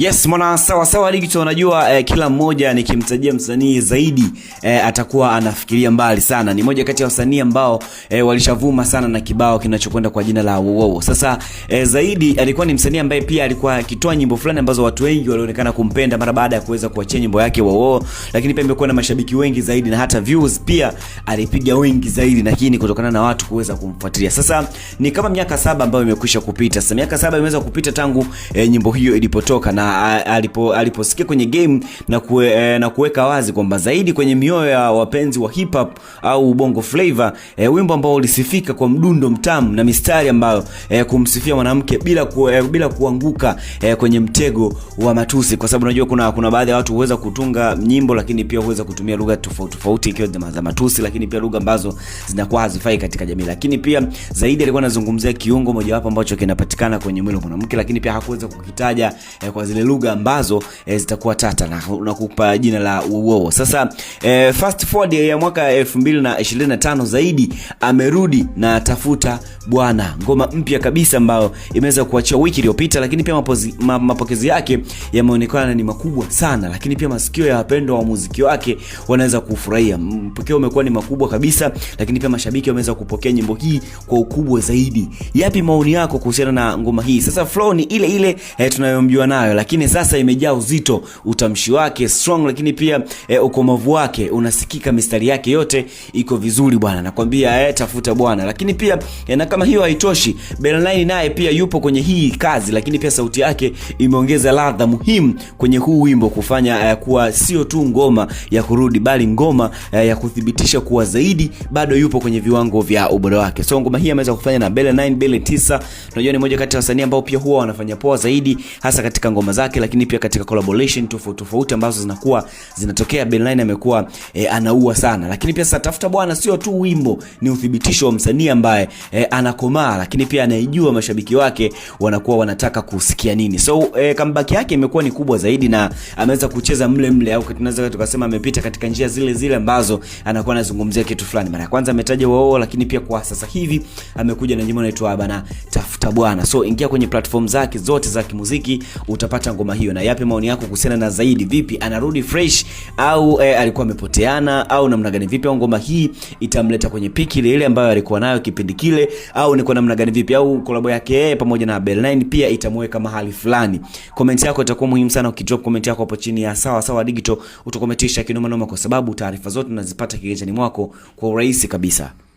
Yes, mwana sawa sawa ligi unajua eh, kila mmoja nikimtajia msanii zaidi eh, atakuwa anafikiria mbali sana. Ni moja kati ya wasanii ambao eh, walishavuma sana na kibao kinachokwenda kwa jina la Wowo. Sasa eh, Zaidi alikuwa ni msanii ambaye pia alikuwa akitoa nyimbo fulani ambazo watu wengi walionekana kumpenda mara baada ya kuweza kuachia nyimbo yake Wowo, lakini pia imekuwa na mashabiki wengi zaidi na hata views pia alipiga wengi zaidi, lakini kutokana na watu kuweza kumfuatilia. Sasa ni kama miaka saba ambayo imekwisha kupita. Sasa miaka saba imeweza kupita tangu eh, nyimbo hiyo ilipotoka na aliposikia kwenye game na kue, e, na kuweka wazi kwamba zaidi kwenye mioyo ya wapenzi wa hip hop au bongo flavor e, eh, wimbo ambao ulisifika kwa mdundo mtamu na mistari ambayo e, kumsifia mwanamke bila ku, e, bila kuanguka e, kwenye mtego wa matusi, kwa sababu unajua kuna kuna baadhi ya watu huweza kutunga nyimbo, lakini pia huweza kutumia lugha tofauti tofauti, ikiwa za matusi, lakini pia lugha ambazo zinakuwa hazifai katika jamii. Lakini pia zaidi alikuwa anazungumzia kiungo mojawapo ambacho kinapatikana kwenye mwili wa mwanamke, lakini pia hakuweza kukitaja e, kwa zile zile lugha ambazo e, zitakuwa tata na unakupa jina la uoo sasa e, fast forward ya mwaka 2025 zaidi amerudi na tafuta bwana ngoma mpya kabisa ambayo imeweza kuachia wiki iliyopita lakini pia mapozi, ma, mapokezi yake yameonekana ni makubwa sana lakini pia masikio ya wapendwa wa muziki wake wanaweza kufurahia mpokeo umekuwa ni makubwa kabisa lakini pia mashabiki wameweza kupokea nyimbo hii kwa ukubwa zaidi yapi maoni yako kuhusiana na ngoma hii sasa flow ni ile ile eh, tunayomjua nayo lakini lakini sasa imejaa uzito, utamshi wake strong, lakini pia e, ukomavu wake unasikika, mistari yake yote iko vizuri bwana, nakwambia e, tafuta bwana. Lakini pia e, na kama hiyo haitoshi, Bell9 naye pia yupo kwenye hii kazi, lakini pia sauti yake imeongeza ladha muhimu kwenye huu wimbo kufanya e, kuwa sio tu ngoma ya kurudi, bali ngoma e, ya kuthibitisha kuwa zaidi bado yupo kwenye viwango vya ubora wake. So ngoma hii ameweza kufanya na Bell9, Bell9 unajua ni moja kati ya wasanii ambao pia huwa wanafanya poa zaidi hasa katika ngoma zake, lakini pia katika collaboration tofauti tofauti ambazo zinakuwa zinatokea, Benline amekuwa e, anaua sana. Lakini pia sasa Tafuta Bwana sio tu wimbo, ni uthibitisho wa msanii ambaye e, anakomaa, lakini pia anaijua mashabiki wake wanakuwa wanataka kusikia nini. So e, comeback yake imekuwa ni kubwa zaidi na ameweza kucheza mle mle, au tunaweza tukasema amepita katika njia zile zile ambazo anakuwa anazungumzia kitu fulani. Mara ya kwanza ametaja wao, lakini pia kwa sasa hivi amekuja na jimbo inaitwa bana Afrika bwana. So ingia kwenye platform zake zote za kimuziki utapata ngoma hiyo. Na yapi maoni yako kuhusiana na Zaidi? Vipi, anarudi fresh au e, alikuwa amepoteana au namna gani? Vipi, au ngoma hii itamleta kwenye piki ile ile ambayo alikuwa nayo kipindi kile, au ni kwa namna gani? Vipi, au kolabo yake yeye pamoja na Berlin pia itamweka mahali fulani? Comment yako itakuwa muhimu sana, ukidrop comment yako hapo chini ya sawa sawa digital utakometisha kinoma noma, kwa sababu taarifa zote unazipata kiganjani mwako kwa urahisi kabisa.